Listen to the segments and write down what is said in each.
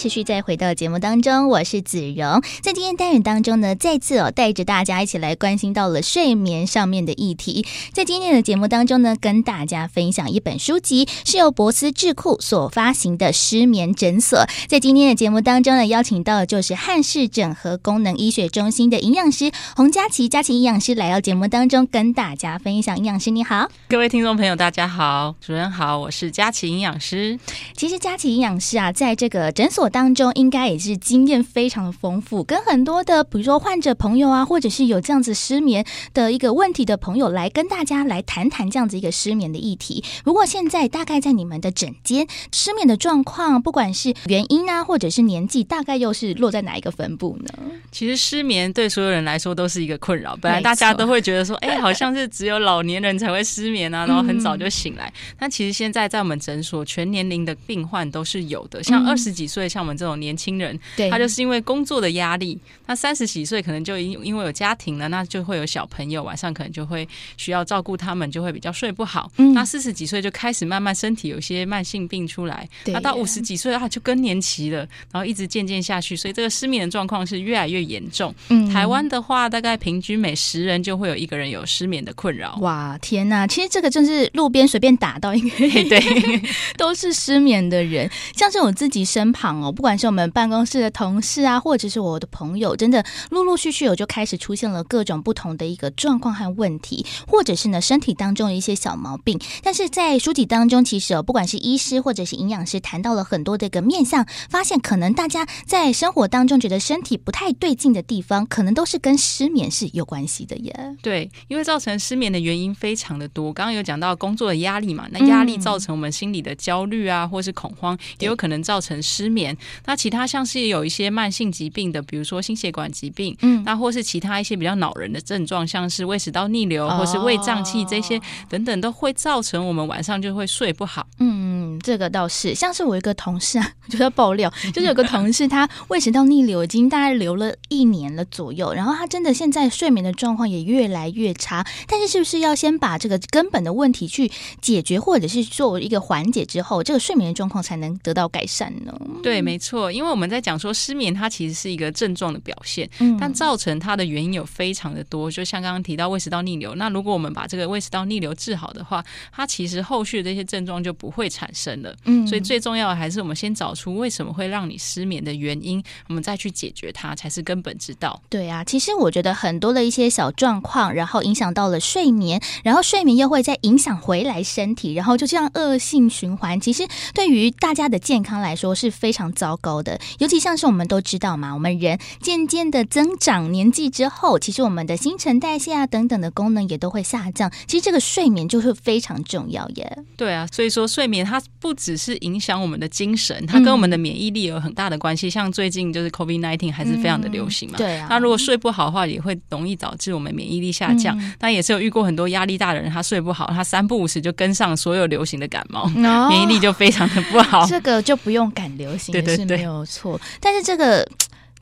繼續再回到節目當中，我是子榮，在今天單元當中呢，再次哦帶着大家一起來關心到了睡眠上面的議題。在今天的節目當中呢，跟大家分享一本書籍，是由博思智庫所發行的《失眠診所》。在今天的節目當中呢，邀請到的就是漢氏整合功能醫學中心的營養師洪佳琪，佳琪營養師來到節目當中跟大家分享。營養師你好，各位聽眾朋友，大家好，主任好，我是佳琪營養師。其實佳琪營養師啊，在這個診所。當中應該也是經驗非常的豐富，跟很多的比如說患者朋友啊，或者是有這樣子失眠的一個問題的朋友來跟大家來談談這樣子一個失眠的議題。如果現在大概在你們的診間，失眠的狀況不管是原因啊，或者是年紀，大概又是落在哪一個分布呢？其實失眠對所有人來說都是一個困擾，本來大家都會覺得說，哎、欸，好像是只有老年人才會失眠啊，然後很早就醒來。但、嗯、其實現在在我們診所，全年齡的病患都是有的，像二十幾歲，嗯、像像我們這種年輕人，他就是因為工作的壓力，他三十幾歲可能就因因為有家庭了，那就會有小朋友，晚上可能就會需要照顧他們，就會比較睡不好。嗯，那四十幾歲就開始慢慢身體有些慢性病出來，對呀，那到五十幾歲啊就更年期了，然後一直漸漸下去，所以這個失眠的狀況是越來越嚴重。嗯，台灣的話，大概平均每十人就會有一個人有失眠的困擾。哇，天吶，啊，其實這個真是路邊隨便打到一個，對，都是失眠的人，像是我自己身旁哦。不管是我們辦公室的同事啊，或者是我的朋友，真的陸陸續續有就開始出現了各種不同的一個狀況和問題，或者是呢身體當中的一些小毛病。但是在書籍當中，其實哦不管是醫師或者是營養師談到了很多的一個面向，發現可能大家在生活當中覺得身體不太對勁的地方，可能都是跟失眠是有關係的耶。對，因為造成失眠的原因非常的多。剛剛有講到工作的壓力嘛，那壓力造成我們心理的焦慮啊，或是恐慌，嗯，也有可能造成失眠。那其他像是有一些慢性疾病的，比如說心血管疾病，嗯，那或是其他一些比較惱人的症狀，像是胃食道逆流、哦、或是胃脹氣這些等等，都會造成我們晚上就會睡不好。嗯，這個倒是，像是我一個同事，啊，就在爆料，就是有個同事他胃食道逆流已經大概流了一年了左右，然後他真的現在睡眠的狀況也越來越差。但是是不是要先把這個根本的問題去解決，或者是做一個緩解之後，這個睡眠的狀況才能得到改善呢？對、嗯。沒錯，因為我們在講說失眠，它其實是一個症狀的表現，嗯，但造成它的原因有非常的多。就像剛剛提到胃食道逆流，那如果我們把這個胃食道逆流治好的話，它其實後續的這些症狀就不會產生了。嗯，所以最重要的還是我們先找出為什麼會讓你失眠的原因，我們再去解決它才是根本之道。對啊，其實我覺得很多的一些小狀況，然後影響到了睡眠，然後睡眠又會再影響回來身體，然後就這樣惡性循環。其實對於大家的健康來說是非常。糟糕的，尤其像是我們都知道嘛，我們人漸漸的增長年紀之後，其實我們的新陳代謝啊等等的功能也都會下降。其實這個睡眠就會非常重要耶。對啊，所以說睡眠它不只是影響我們的精神，它跟我們的免疫力有很大的關係。嗯、像最近就是 COVID-19 還是非常的流行嘛，嗯、對啊。那如果睡不好的話，也會容易導致我們免疫力下降。嗯、但也是有遇過很多壓力大的人，他睡不好，他三不五時就跟上所有流行的感冒，哦、免疫力就非常的不好。這個就不用趕流行， 對對。是沒有錯，對但是這個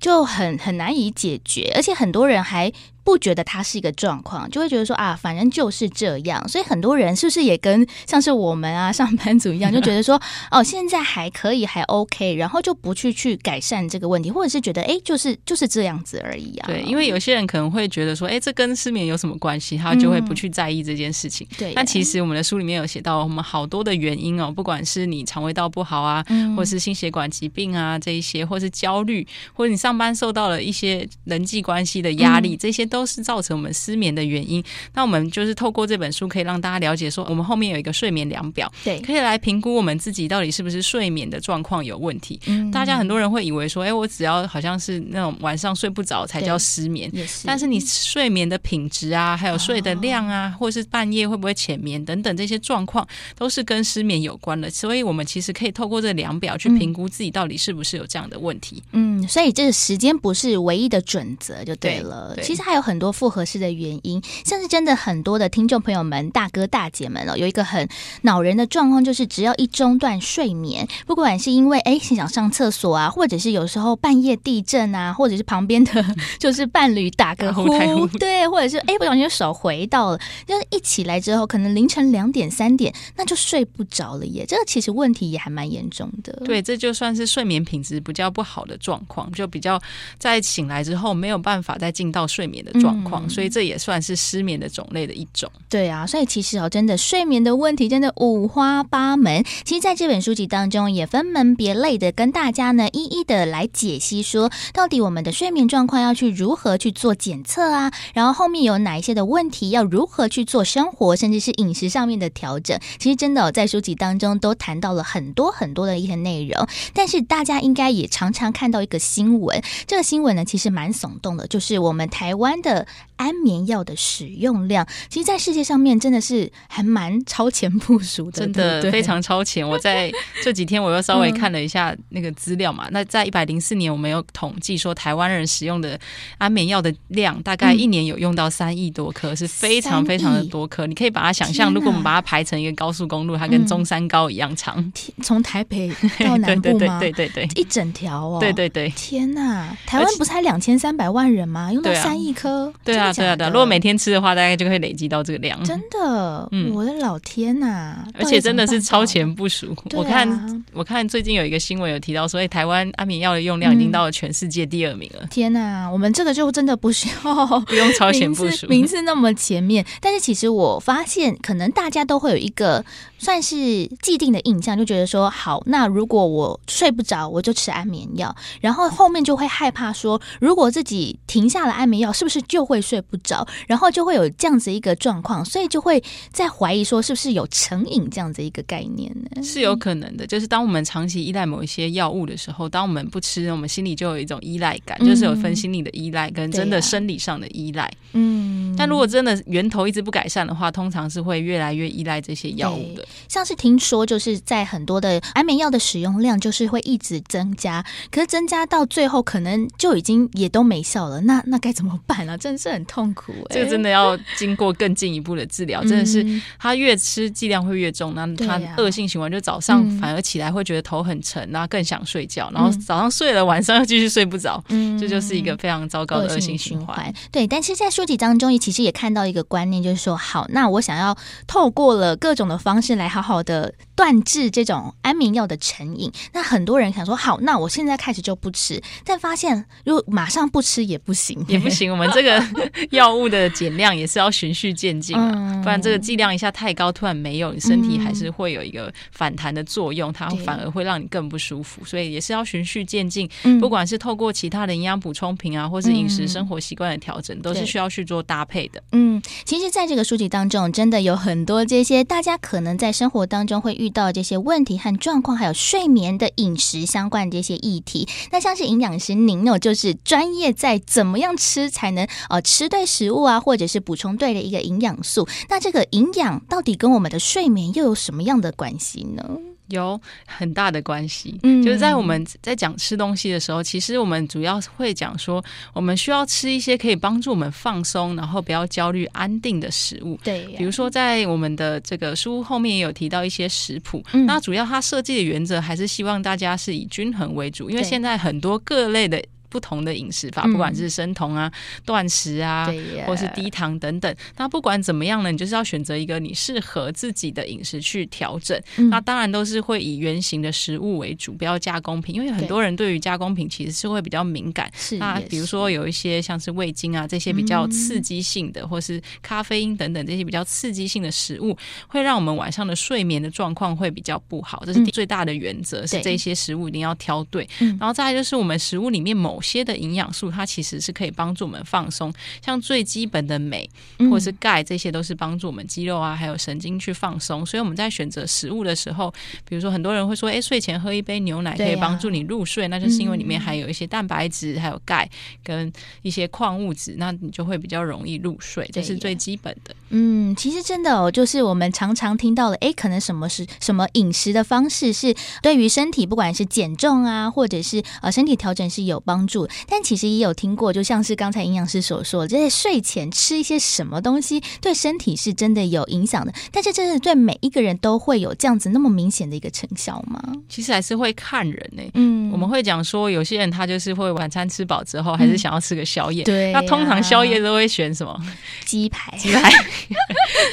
就很很難以解決，而且很多人還不覺得它是一個狀況，就會覺得說啊，反正就是這樣。所以很多人是不是也跟像是我們啊上班族一樣，就覺得說哦，現在還可以，還 OK，然後就不去去改善這個問題，或者是覺得哎，就是就是這樣子而已啊。對，因為有些人可能會覺得說，哎，這跟失眠有什麼關係？他就會不去在意這件事情。嗯、對。那其實我們的書裡面有寫到，我們好多的原因哦，不管是你腸胃道不好啊，嗯、或是心血管疾病啊，這一些，或是焦慮，或者你上班受到了一些人際關係的壓力，嗯、這些都。都是造成我們失眠的原因。那我們就是透過這本書，可以讓大家了解說，我們後面有一個睡眠量表，對，可以來評估我們自己到底是不是睡眠的狀況有問題。嗯，大家很多人會以為說，哎，我只要好像是那種晚上睡不着才叫失眠，也是。但是你睡眠的品質啊，還有睡的量啊，哦、或是半夜會不會淺眠等等這些狀況，都是跟失眠有關的。所以我們其實可以透過這量表去評估自己到底是不是有這樣的問題。嗯，嗯，所以這個時間不是唯一的準則就對了。對，對，其實還有。很多複合式的原因，像是真的很多的聽眾朋友們、大哥大姐們哦，有一個很惱人的狀況，就是只要一中斷睡眠，不管是因為哎心想上廁所啊，或者是有時候半夜地震啊，或者是旁邊的就是伴侶打個呼， 對，或者是哎不小心手回到了，就是一起來之後，可能凌晨兩點三點，那就睡不着了耶。這個、其實問題也還蠻嚴重的，對，這就算是睡眠品質比較不好的狀況，就比較在醒來之後沒有辦法再進到睡眠的狀況，所以這也算是失眠的種類的一種。嗯，對啊，所以其實哦，真的睡眠的問題真的五花八門。其實，在這本書籍當中，也分門別類的跟大家呢一一的來解析，說到底我們的睡眠狀況要去如何去做檢測啊，然後後面有哪一些的問題要如何去做生活，甚至是飲食上面的調整。其實真的哦，在書籍當中都談到了很多很多的一些內容，但是大家應該也常常看到一個新聞，這個新聞呢其實蠻聳動的，就是我們台灣。的安眠藥的使用量，其實，在世界上面真的是還蠻超前部署的，對對真的非常超前。我在這幾天我又稍微看了一下那個資料嘛，嗯、那在一百零四年，我們有統計說，台灣人使用的安眠藥的量，大概一年有用到三億多顆，嗯、是非常非常的多顆。三億？你可以把它想象，天哪，如果我們把它排成一個高速公路，它跟中山高一樣長，從台北到南部嗎？ 對對對對對對，一整條哦，對，對對對，天哪！台灣不是才兩千三百萬人嗎？用到三億顆。對啊，對啊，對啊，對啊！如果每天吃的話，大概就會累積到這個量。真的，嗯，我的老天吶、啊！而且真的是超前部署。啊、我看，我看最近有一個新聞有提到說，說、欸、台灣安眠藥的用量已經到了全世界第二名了。嗯、天吶，我們這個就真的不需要， 不用超前部署，名次那麼前面。但是其實我發現，可能大家都會有一個算是既定的印象，就覺得說，好，那如果我睡不着，我就吃安眠藥，然後後面就會害怕說，如果自己停下了安眠藥，是不是？就會睡不着，然後就會有這樣子一個狀況，所以就會在懷疑說是不是有成癮這樣子一個概念呢？是有可能的，就是當我們長期依賴某一些藥物的時候，當我們不吃，我們心裡就有一種依賴感，嗯、就是有分心理的依賴跟真的生理上的依賴。啊、嗯，但如果真的源頭一直不改善的話，通常是會越來越依賴這些藥物的。像是聽說就是在很多的安眠藥的使用量就是會一直增加，可是增加到最後可能就已經也都沒效了，那那該怎麼辦？那真的是很痛苦，欸，這個真的要經過更進一步的治療。真的是，他越吃劑量會越重，那他惡性循環就早上反而起來會覺得頭很沉，然後更想睡覺，然後早上睡了，晚上又繼續睡不着，這就是一個非常糟糕的惡性循環。對，但是在書籍當中也其實也看到一個觀念，就是說，好，那我想要透過了各種的方式來好好的。斷治這種安眠藥的成癮，那很多人想說好，那我現在開始就不吃，但發現如果馬上不吃也不行，也不行。 我們這個藥物的減量也是要循序漸進啊，嗯、不然這個劑量一下太高，突然沒有，你身體還是會有一個反彈的作用，嗯、它反而會讓你更不舒服。對所以也是要循序漸進，嗯、不管是透過其他的營養補充品啊，嗯、或是飲食生活習慣的調整，都是需要去做搭配的。嗯，其實，在這個書籍當中，真的有很多這些大家可能在生活當中會遇。遇到這些問題和狀況，還有睡眠的飲食相關這些議題，那像是營養師您，您有就是專業在怎麼樣吃才能呃吃對食物啊，或者是補充對的一個營養素？那這個營養到底跟我們的睡眠又有什麼樣的關係呢？有很大的關係，嗯，就是在我們在講吃東西的時候，嗯哼，其實我們主要會講說，我們需要吃一些可以幫助我們放鬆，然後不要焦慮、安定的食物，對啊，比如說在我們的這個書後面也有提到一些食譜，嗯，那主要它設計的原則還是希望大家是以均衡為主，因為現在很多各類的。不同的飲食法，嗯、不管是生酮啊、斷食啊，耶或是低糖等等，那不管怎麼樣呢，你就是要選擇一個你適合自己的飲食去調整。嗯、那當然都是會以原型的食物為主，不要加工品，因為很多人對於加工品其實是會比較敏感。對那比如說有一些像是味精啊這些比較刺激性的，嗯、或是咖啡因等等這些比較刺激性的食物，會讓我們晚上的睡眠的狀況會比較不好。這是最大的原則，對是這些食物一定要挑對。嗯、然後再來就是我們食物裡面某某些的營養素，它其實是可以幫助我們放鬆。像最基本的鎂或者是鈣，這些都是幫助我們肌肉啊，嗯、還有神經去放鬆。所以我們在選擇食物的時候，比如說很多人會說，哎，睡前喝一杯牛奶可以幫助你入睡，啊、那就是因為裡面還有一些蛋白質，嗯、還有鈣跟一些礦物質，那你就會比較容易入睡，耶這是最基本的。嗯，其實真的哦，就是我們常常聽到的，哎，可能什麼是什麼飲食的方式是對於身體，不管是減重啊，或者是呃身體調整是有幫助。住，但其實也有聽過，就像是剛才營養師所說，就是睡前吃一些什麼東西，對身體是真的有影響的。但是，這是對每一個人都會有這樣子那麼明顯的一個成效嗎？其實還是會看人呢。嗯，我們會講說，有些人他就是會晚餐吃飽之後，還是想要吃個宵夜。對。那通常宵夜都會選什麼？雞排，雞排。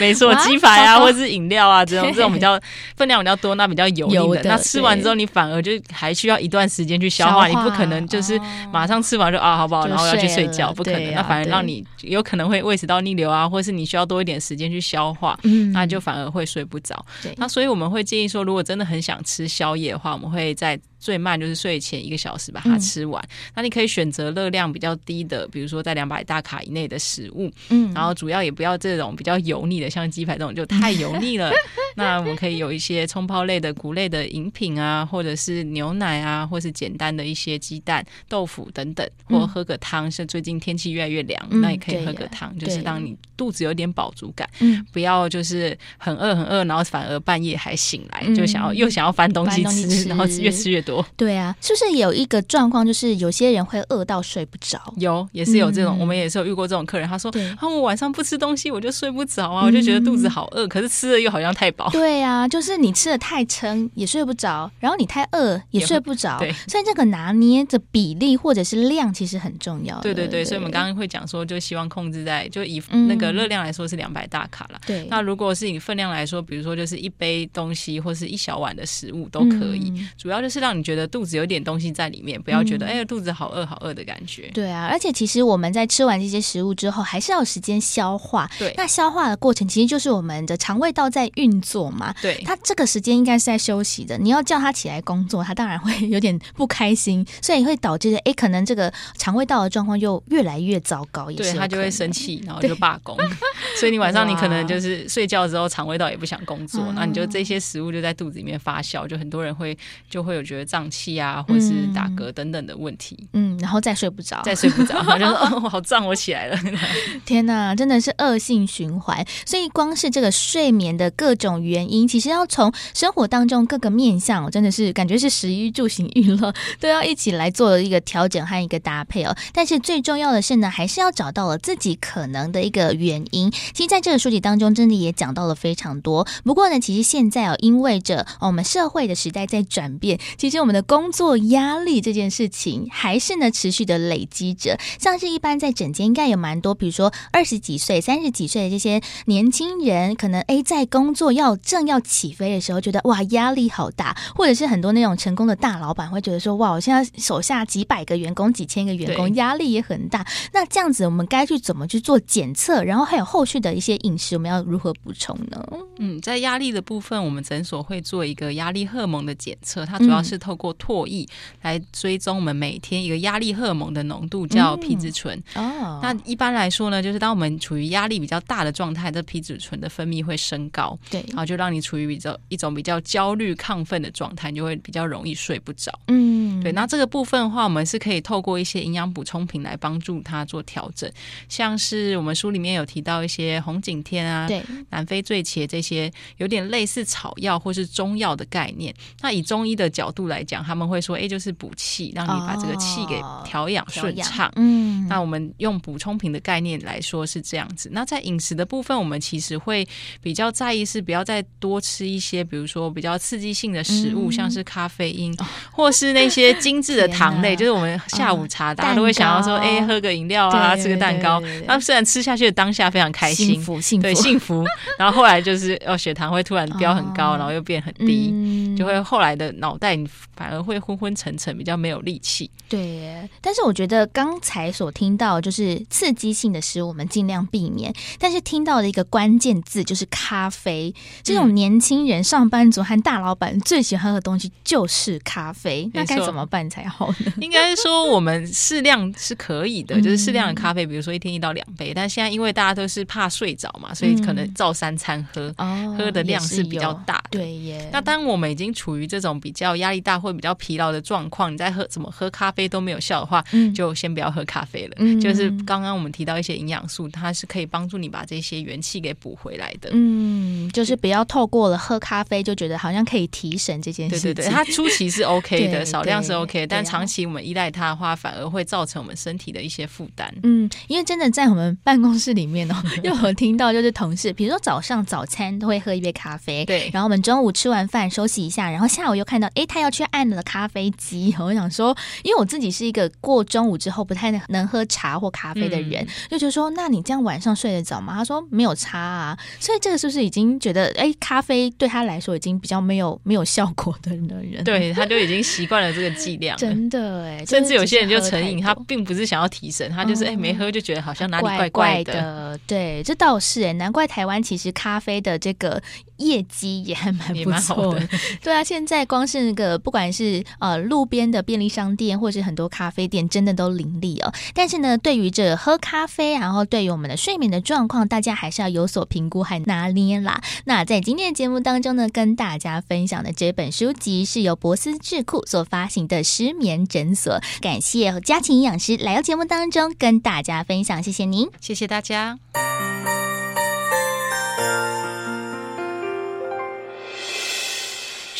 沒錯，雞排啊，或是飲料啊，這種這種比較分量比較多、那比較油膩的，那吃完之後你反而就還需要一段時間去消化，你不可能就是。馬上吃完就啊，好不好？然後要去睡覺，不可能。啊、那反而讓你有可能會胃食道逆流啊，對或是你需要多一點時間去消化，嗯嗯，那就反而會睡不着，對那所以我們會建議說，如果真的很想吃宵夜的話，我們會在。最慢就是睡前一個小時把它吃完。那你可以選擇熱量比較低的，比如說在兩百大卡以內的食物。嗯。然後主要也不要這種比較油膩的，像雞排這種就太油膩了。那我們可以有一些沖泡類的谷類的飲品啊，或者是牛奶啊，或是簡單的一些雞蛋、豆腐等等，或喝個湯。像最近天氣越來越涼，那也可以喝個湯，就是當你肚子有點飽足感，嗯，不要就是很餓很餓，然後反而半夜還醒來就想要又想要翻東西吃，然後越吃越多。對啊，是不是有一個狀況，就是有些人會餓到睡不着。有，也是有這種，嗯、我們也是有遇過這種客人，他說：“對啊、我晚上不吃東西，我就睡不着啊，嗯、我就覺得肚子好餓，可是吃的又好像太飽。”對啊，就是你吃的太撐也睡不着，然後你太餓也睡不着，對，所以這個拿捏的比例或者是量其實很重要。對對對，對，所以我們剛剛會講說，就希望控制在就以那個熱量來說是兩百大卡了、嗯。對，那如果是以分量來說，比如說就是一杯東西或是一小碗的食物都可以，嗯、主要就是讓你。覺得肚子有點東西在裡面，不要覺得哎，肚子好餓好餓的感覺。對啊，而且其實我們在吃完這些食物之後，還是要時間消化。對，那消化的過程其實就是我們的腸胃道在運作嘛。對，它這個時間應該是在休息的，你要叫它起來工作，它當然會有點不開心，所以會導致的哎，可能這個腸胃道的狀況又越來越糟糕。對，它就會生氣，然後就罷工。對 所以你晚上你可能就是睡覺之後，腸胃道也不想工作，哇那你就這些食物就在肚子裡面發酵，嗯、就很多人會就會有覺得。脹氣啊，或者是打嗝等等的問題嗯，嗯，然後再睡不着，再睡不着，我 就哦，好脹，我起來了。 天哪，真的是惡性循環。所以，光是這個睡眠的各種原因，其實要從生活當中各個面向，真的是感覺是食衣住行娛樂都要一起來做一個調整和一個搭配哦。但是最重要的是呢，還是要找到了自己可能的一個原因。其實在這個書籍當中，真的也講到了非常多。不過呢，其實現在哦，因為着我們社會的時代在轉變，其實。因為我們的工作壓力這件事情，還是呢持續的累積着。像是一般在診間應該有蠻多，比如說二十幾歲、三十幾歲的這些年輕人，可能誒在工作要正要起飛的時候，覺得哇壓力好大；或者是很多那種成功的大老闆會覺得說哇，我現在手下幾百個員工、幾千個員工，對壓力也很大。那這樣子，我們該去怎麼去做檢測？然後還有後續的一些飲食，我們要如何補充呢？嗯，在壓力的部分，我們診所會做一個壓力荷爾蒙的檢測，它主要是。透過唾液來追蹤我們每天一個壓力荷爾蒙的濃度，叫皮質醇。哦、嗯，那一般來說呢，就是當我們處於壓力比較大的狀態，這皮質醇的分泌會升高，對，然後、啊、就讓你處於比較一種比較焦慮亢奮的狀態，你就會比較容易睡不着。嗯。對，那這個部分的話，我們是可以透過一些營養補充品來幫助他做調整，像是我們書裡面有提到一些紅景天啊，對南非醉茄，這些有點類似草藥或是中藥的概念。那以中醫的角度來講，他們會說，哎，就是補氣，讓你把這個氣給調養順暢。哦，嗯，那我們用補充品的概念來說是這樣子。那在飲食的部分，我們其實會比較在意是不要再多吃一些，比如說比較刺激性的食物，嗯、像是咖啡因或是那些。 精緻的糖類，就是我們下午茶，大家都會想要說，哎，喝個飲料啊，吃個蛋糕。那雖然吃下去的當下非常開心，對，幸福，然後後來就是哦，血糖會突然飆很高，然後又變很低，就會後來的腦袋反而會昏昏沉沉，比較沒有力氣。對，但是我覺得剛才所聽到就是刺激性的食物，我們儘量避免。但是聽到的一個關鍵字就是咖啡，這種年輕人、上班族和大老板最喜歡喝的東西就是咖啡。那該怎麼？怎麼辦才好呢？應該說我們適量是可以的，就是適量的咖啡，比如說一天一到兩杯。但現在因為大家都是怕睡着嘛，所以可能照三餐喝喝的量是比較大的。對耶。那當我們已經處於這種比較壓力大或比較疲勞的狀況，你再喝怎麼喝咖啡都沒有效的話，就先不要喝咖啡了。就是剛剛我們提到一些營養素，它是可以幫助你把這些元氣給補回來的。嗯，就是不要透過了喝咖啡就覺得好像可以提神這件事情。對對對，它初期是 OK 的，少量。是 OK，但長期我們依賴它的話，反而會造成我們身體的一些負擔。嗯，因為真的在我們辦公室裡面哦、喔，又有聽到就是同事，比如說早上早餐都會喝一杯咖啡，對。然後我們中午吃完飯休息一下，然後下午又看到，哎、欸，他要去按了咖啡機。我想說，因為我自己是一個過中午之後不太能喝茶或咖啡的人，嗯、就覺得說，那你這樣晚上睡得着嗎？他說沒有差啊。所以這個是不是已經覺得，哎、欸，咖啡對他來說已經比較沒有沒有效果的人？對，他就已經習慣了這個。劑量真的，甚至有些人就成癮，是是他並不是想要提神，嗯、他就是哎、欸、沒喝就覺得好像哪裡怪怪的。怪怪的，對，這倒是，難怪台灣其實咖啡的這個。業績也還蠻不錯的，也蠻好的 對啊，現在光是那個，不管是呃路邊的便利商店，或是很多咖啡店，真的都林立哦。但是呢，對於這喝咖啡，然後對於我們的睡眠的狀況，大家還是要有所評估和拿捏啦。那在今天的節目當中呢，跟大家分享的這本書籍是由博思智庫所發行的《失眠診所》，感謝家禽營養師來到節目當中跟大家分享，謝謝您，謝謝大家。